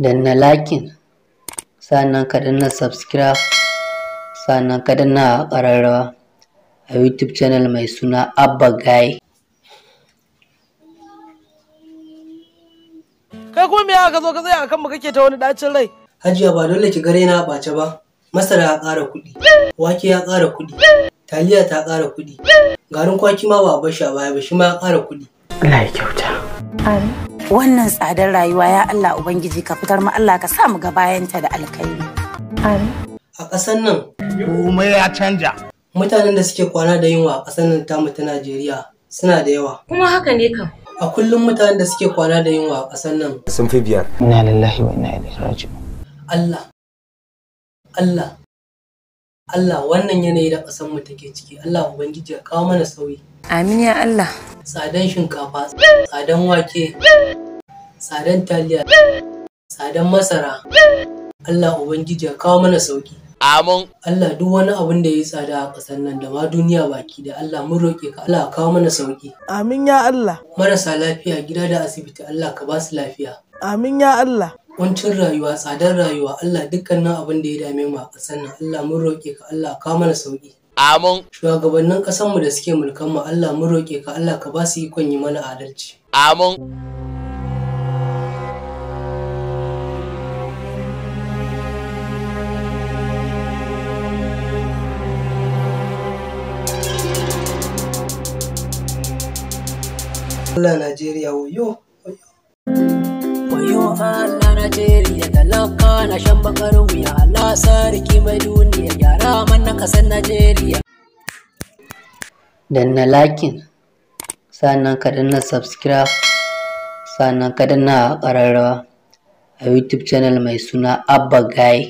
danna lakin sannan ka danna subscribe sannan ka danna ƙararrawa a youtube channel mai suna abba guy kai kuma me aka zo ka tsaya akan mu kake ta wani dacin rai hajiya ba dole ki gare na bace ba masara ya ƙara kuɗi wake ya ƙara kuɗi taliya ta ƙara kuɗi garin kwaki ma ba a bashi a baya ba shi ma ya ƙara kuɗi Allah ya kyauta amin wannan tsadar rayuwa ya Allah Ubangiji ka fitar mu Allah ka sa mu ga bayanta da alkhairi. A ƙasar nan. Komai ya canja. Mutanen da suke kwana da yunwa a ƙasar nan tamu ta Najeriya suna da yawa. Kuma haka ne kam. A kullum mutanen da suke kwana da yunwa a ƙasar nan. Sun fi biyar. Ina lillahi wa ina ilaihi raji'un. Allah. Allah. Allah wannan yanayi da ƙasar mu take ciki. Allah Ubangiji ya kawo mana sauyi. Amin ya Allah. tsadan shinkafa tsadan wake tsadan taliya tsadan masara Allah Ubangiji ya kawo mana sauki Amin. Allah duk wani abun da ya yi tsada a ƙasar nan da ma duniya baki da Allah mun roƙe ka Allah kawo mana sauki. Amin ya Allah. Marasa lafiya gida da asibiti Allah ka ba su lafiya. Amin ya Allah. Wancin rayuwa tsadar rayuwa Allah dukkanin abin da ya dame mu a ƙasar nan Allah mun roƙe ka Allah kawo mana sauki. Amin. Shugabannin ƙasanmu da suke mulkan mu Allah mu roƙe ka Allah ka ba su ikon yi mana adalci. Amin. Allah Najeriya wayo wayo. Wayo Allah. Najeriya talaka na shan bakar wuya Allah sarki mai duniya yara manna kasar Najeriya. Danna lakin sannan ka danna subscribe sannan ka danna ƙararrawa a YouTube channel mai suna Abba Guy.